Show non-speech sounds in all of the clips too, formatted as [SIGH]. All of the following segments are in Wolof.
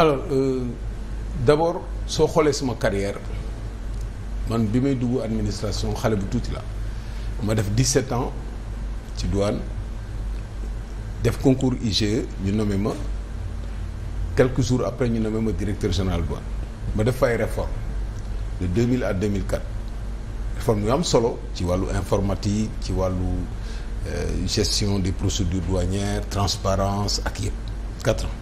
alors euh, d'abord soo xoolee suma carrière man bi may dugg administration xale bu tuuti la ma def dix 17 ans ci douane def concours IGE ñu nome ma quelque jour après ñu nommé ma directeur général douane ma def fay réforme de 2000 à 2004 réforme yu am solo ci wàllu informatique ci wàllu euh, gestion des procédures douanières transparence ak yëpp 4 ans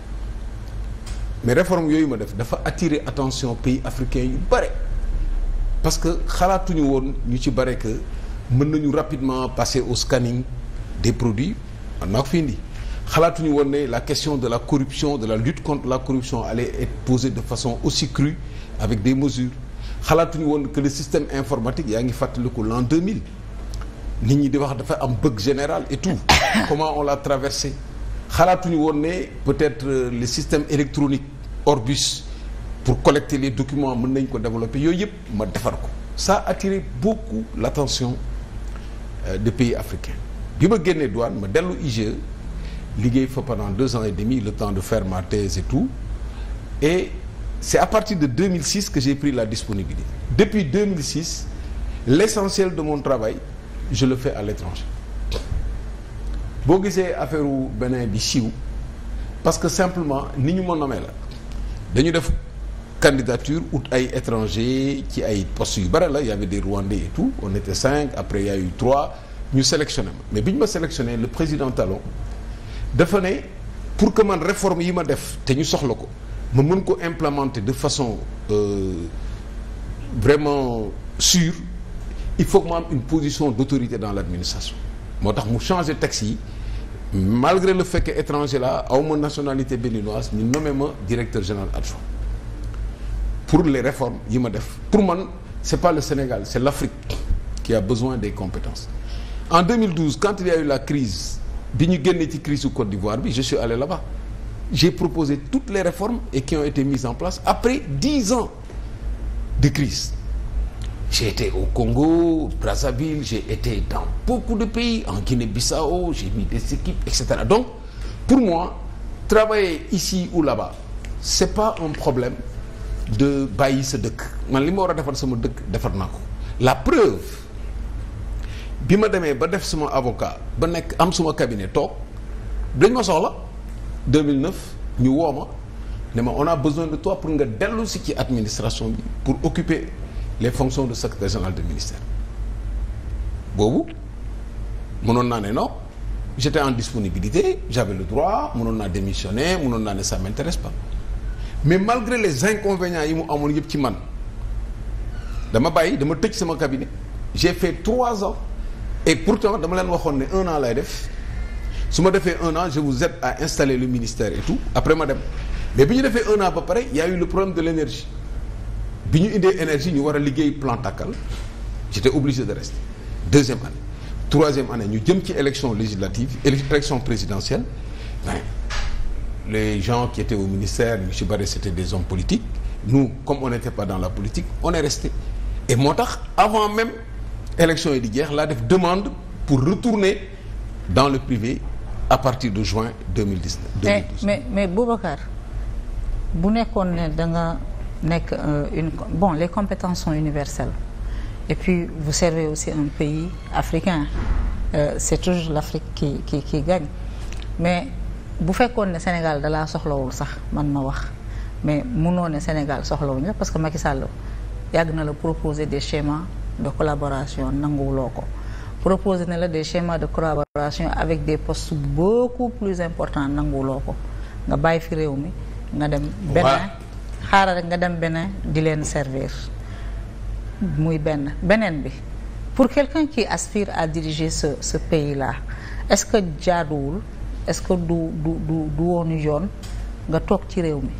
mais réforme yooyu ma def dafa attirer attention pays africains yu bare parce que xalaatuñu woon ñu ci bare que mën nañu rapidement passer au scanning des produits man maa ko fi indi xalaatuñu woon ne la question de la corruption de la lutte contre la corruption allait être posée de façon aussi crue avec des mesures xalaatuñu woon que le système informatique yaa ngi fàttaliku l'an 2000 nit ñi di wax dafa am bug général et tout [COUGHS] comment on l'a traversé xalaatuñu woon ne peut-être euh, le système électronique Orbus pour collecter les documents mën nañ ko développer yooyu yëpp ma defar ko ça a attiré beaucoup l'attention euh, des pays africains bi ma génnee douane ma dellu IGE liggéey fa pendant deux ans et demi le temps de faire ma et tout et c'est à partir de 2006 que j'ai pris la disponibilité depuis 2006 l'essentiel de mon travail je le fais à l'étranger boo gisee affaire u Bénin bi siiw parce que simplement ni ñu ma nommé la dañu def candidature ut ay étrangers ci ay post yu bare la y avait des Rwandais et tout on était cinq après y yu trois ñu sélectionné ma mais bi ñu ma sélectionné le président Talon dafa ne pour que man réforme yi ma def te ñu soxla ko ma mën ko implémenter de façon euh, vraiment sûre il faut que ma am une position d'autorité dans l'administration moo tax mu changé texte yi malgré le fait que étranger la awma nationalité béninoise ñu nommé ma directeur général adjoint pour les réformes yi ma def pour man c'est pas le Sénégal c'est l'Afrique qui a besoin des compétences en 2012 quand il y a eu la crise bi ñu génnee ci crise su Côte d'Ivoire bi je suis allé là-bas j'ai proposé toutes les réformes et qui ont été mises en place après dix ans de crise J'ai au Congo, Brazzaville, j'ai été dans beaucoup de pays, en Guinée-Bissau, j'ai mis des équipes, etc. Donc, pour moi, travailler ici ou là-bas, c'est pas un problème de bàyyi sa dëkk man li ma war a defar sama dëkk defar naa ko la preuve bi ma demee ba def suma avocat ba nekk am suma cabinet toog dañ ma soxla 2009 ñu woo ma ne ma on a besoin de toi pour nga dellu si ci administration bi pour occuper les fonctions de secrétaire général de ministère boobu mënoon naa ne non jete en disponibilité j'avais le droit mënoon naa démissionner mënoon naa ne ça m'intéresse pas mais malgré les inconvénients yi mu amoon yëpp ci man dama bàyyi dama tëj sama cabinet j'ai fait trois ans et pourtant dama leen waxoon ne un an lay def su ma defee un an je vous aide à installer le ministère et tout après ma dem mais bi ñu defee un an ba pare y le problème de l'énergie bi ñu indee énergie ñu war a liggéey plan tàkkal j'étais obligé de rester deuxième année troisième année ñu jëm ci élection législative élection présidentielle mais les gens qui étaient au ministère ñu ci bari c'était des hommes politiques nous comme on n'était pas dans la politique on est resté et moo tax avant même élection yi di jeex laa def demande pour retourner dans le privé à partir de juin deux mille dix-neuf eh, mais mais Boubacar bu nekkoon ne da nekk euh, une bon les compétences sont universelles et puis vous servez aussi un pays africain euh, c'est toujours l'Afrique qui qui qui mais bu fekkoon ne Sénégal dalaa soxlawul sax man ma wax mais munoo ne Sénégal soxlawuñ la parce que Macky Sall yàgg na la proposer des schémas de collaboration nanguwuloo ko proposer na la des schémas de collaboration avec des post beaucoup plus importants nanguwuloo ko nga bàyyi fi réew mi nga dem benn xaarale nga dem beneen di leen servir muy benn beneen bi pour quelqu'un qui aspire à diriger ce ce pays là est-ce que jaaduwul est-ce que du du du du woonu yoon nga toog ci réew mi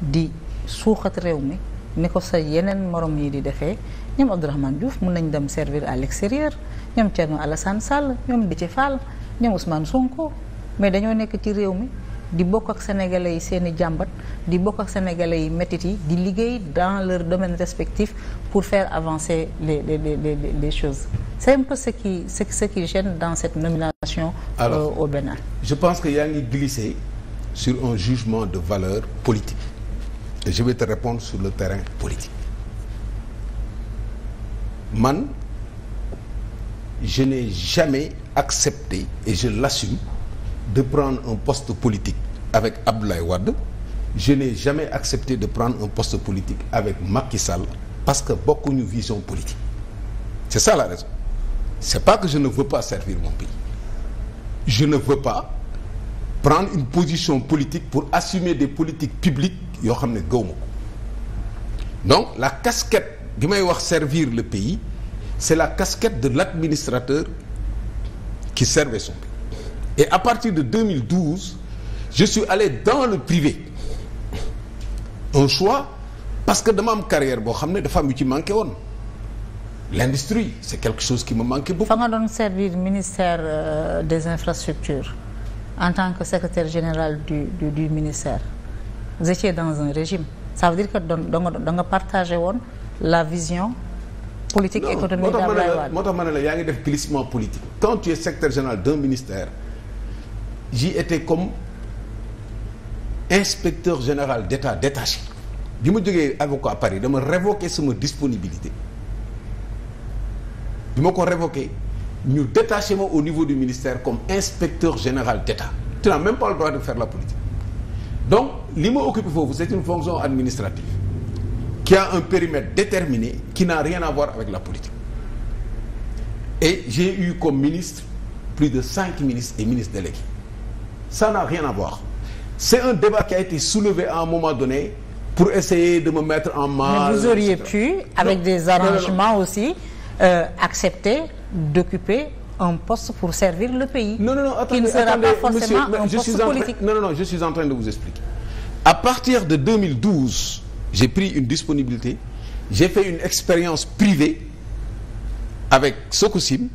di suuxat réew mi ni ko sa yeneen morom yi di defee ñoom Abdourahmane Diouf mën nañ dem servir à l'extérieur ñoom Thierno Alassane Sall ñoom di Déthié Fall ñoom Ousmane Sonko mais dañoo nekk ci réew mi di bokk ak sénégalais yi seen i jàmbat di bokk ak sénégalais yi métit yi di liggéey dans leur domaine respectif pour faire avancer les les les les, les choses c'est un peu ce qui ce, gêne dans cette nomination euh, alors au Bénin je pense que yaa ngi glissé sur un jugement de valeur politique et je vais te répondre sur le terrain politique man je n'ai jamais accepté et je l'assume de prendre un poste politique avec Abdoulaye Wade je n'ai jamais accepté de prendre un poste politique avec Macky Sall parce que bokkuñu vision politique c'est ça la raison c'est pas que je ne veux pas servir mon pays je ne veux pas prendre une position politique pour assumer des politiques publiques yoo xam ne gëwma ko donc la casquette bi may wax servir le pays c'est la casquette de l'administrateur qui servait son pays et à partir de 2012 je suis allé dans le privé un choix parce que dama am carrière boo xam ne dafa am yu ci manqué woon l'industrie c'est quelque chose qui me manquait beaucoup. fa nga doon servir ministère euh, des infrastructures en tant que secretaire général du du, ministère vous étiez dans un régime ça veut dire que doon da nga da nga woon la vision. politique non, économique d'Abdoulaye Wade moo tax ma ne yaa ngi def glissement politique. quand tu es secrétaire général d'un ministère j'y étais comme. inspecteur général d'état détaché bi ma jógee avocat Paris dama révoqué sama disponibilité bi ma ko révoqué ñu détaché au niveau du ministère comme inspecteur général d'état tu n'as même pas le droit de faire la politique donc li ma occupé foofu c'est une fonction administrative qui a un périmètre déterminé qui n'a rien à voir avec la politique et g comme ministre plus de cinq ministres et ministres délégués ça n'a rien à voir c'est un débat qui a été soulevé à un moment donné pour essayer de me mettre en mal. Mais vous auriez pu, avec non, des arrangements non, non, aussi, euh, accepter d'occuper un poste pour servir le pays. Non, non, non, attendez, qui ne sera pas forcément un politique. je suis en train de vous expliquer. À partir de j'ai pris une disponibilité, j'ai fait une expérience privée avec Sokosim,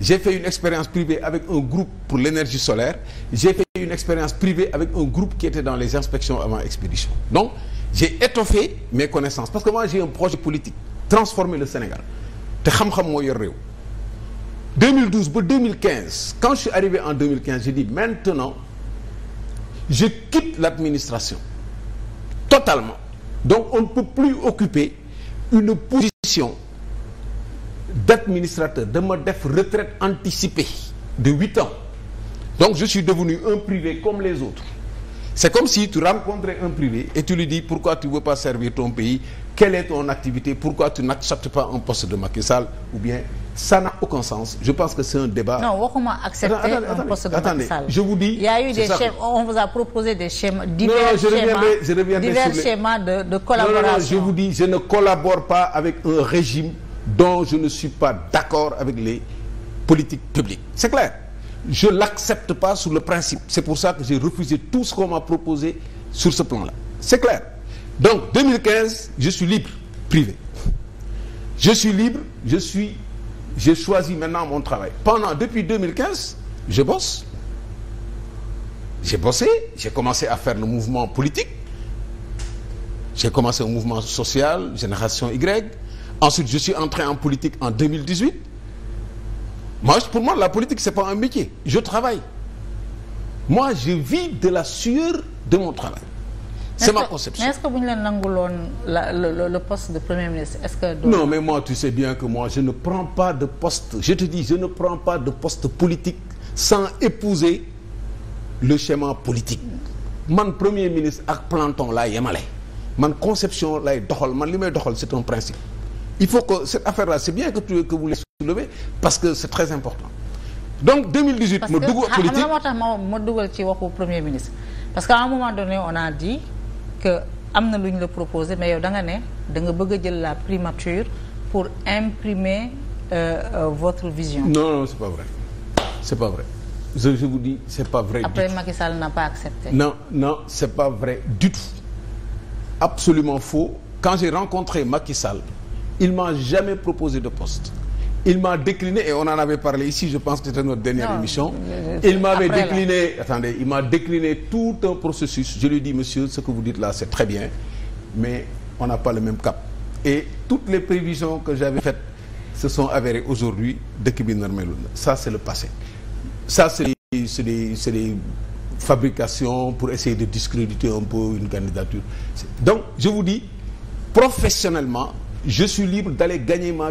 j'ai fait une expérience privée avec un groupe pour l'énergie solaire, j'ai une expérience privée avec un groupe qui était dans les inspections avant expédition donc j'ai étoffé mes connaissances parce que moi j'ai un projet politique transformer le Sénégal te xam-xam moo yor réew 2012 ba 2015 quand je suis arrivé en 2015 j'ai dit maintenant je quitte l'administration totalement donc on ne peut plus occuper une position d'administrateur dama def retraite anticipée de huit ans donc je suis devenu un privé comme les autres c'est comme si tu rencontrais un privé et tu lui dis pourquoi tu veux pas servir ton pays quelle est ton activité pourquoi tu n'acceptes pas un poste de Macky ou bien ça n'a aucun sens je pense que c'est un débat non waxuma accepter attendez, un poste de Macky a eu je vous dis je ne collabore pas avec un régime dont je ne suis pas d'accord avec les politiques publiques c'est clair je l'accepte pas sur le principe c'est pour ça que j'ai refusé tout ce qu'on m'a proposé sur ce plan-là c'est clair donc 2015 je suis libre je suis je suis j'ai choisi maintenant mon travail pendant depuis 2015 je bosse j'ai bossé j'ai commencé à faire mouvement politique j'ai commencé un social Génération Y ensuite je suis entré en politique en 2018 moi pour moi la politique c'est pas un métier je travaille moi je vis de la sueur de mon travail c'est ma conception mais bu ñu la nanguloon la le poste de premier ministre que. Donc... non mais moi tu sais bien que moi je ne prends pas de poste je te dis je ne prends politique sans épouser le schéma politique man premier ministre ak planton la yemale man conception lay doxal man li may doxal c'est un principe il faut que cette affaire là c'est bien que tu que vous parce que c'est très important donc 2018. ma dugg ma ma dugal ci waxu premier ministre parce que à un moment donné on a dit que am na lu ñu la proposé mais yow da nga ne da nga bëgg a jël la primature pour imprimer euh, euh, votre vision. non non c'est pas vrai c'est pas je, vous dis c'est après Macky Sall n'a pas accepté. non non c'est pas vrai du tout. absolument faux quand j'ai rencontré Macky il m'a jamais proposé de post il m'a décliné et on en avait parlé ici je pense que c'était notre dernière non, émission il m'avait décliné là. attendez il m'a décliné tout un processus je lui dis monsieur ce que vous dites là c'est très bien mais on n'a pas le même cap et toutes les prévisions que j'avais faites se sont avérées aujourd'hui dëkk bi narmeelu ça c'est le passé ça c'est des fabrications pour essayer de discréditer un peu une candidature donc je vous dis professionnellement je suis libre d'aller gagner ma